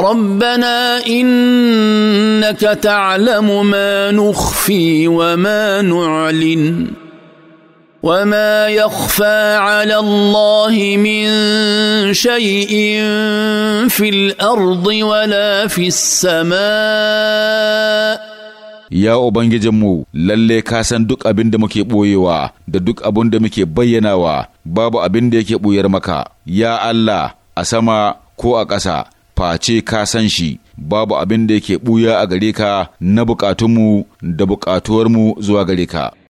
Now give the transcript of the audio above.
ربنا انك تعلم ما نخفي وما نعلن وما يخفى على الله من شيء في الارض ولا في السماء ya Ubangijinmu, lalle ka san duk abinda muke ɓoyewa da duk abinda muke bayyanawa, babu abin da yake ɓoyar maka, ya Allah, a sama ko a ƙasa. face ka san shi babu abin da yake ɓuya a gare ka na bukatunmu da bukatuwarmu zuwa gare ka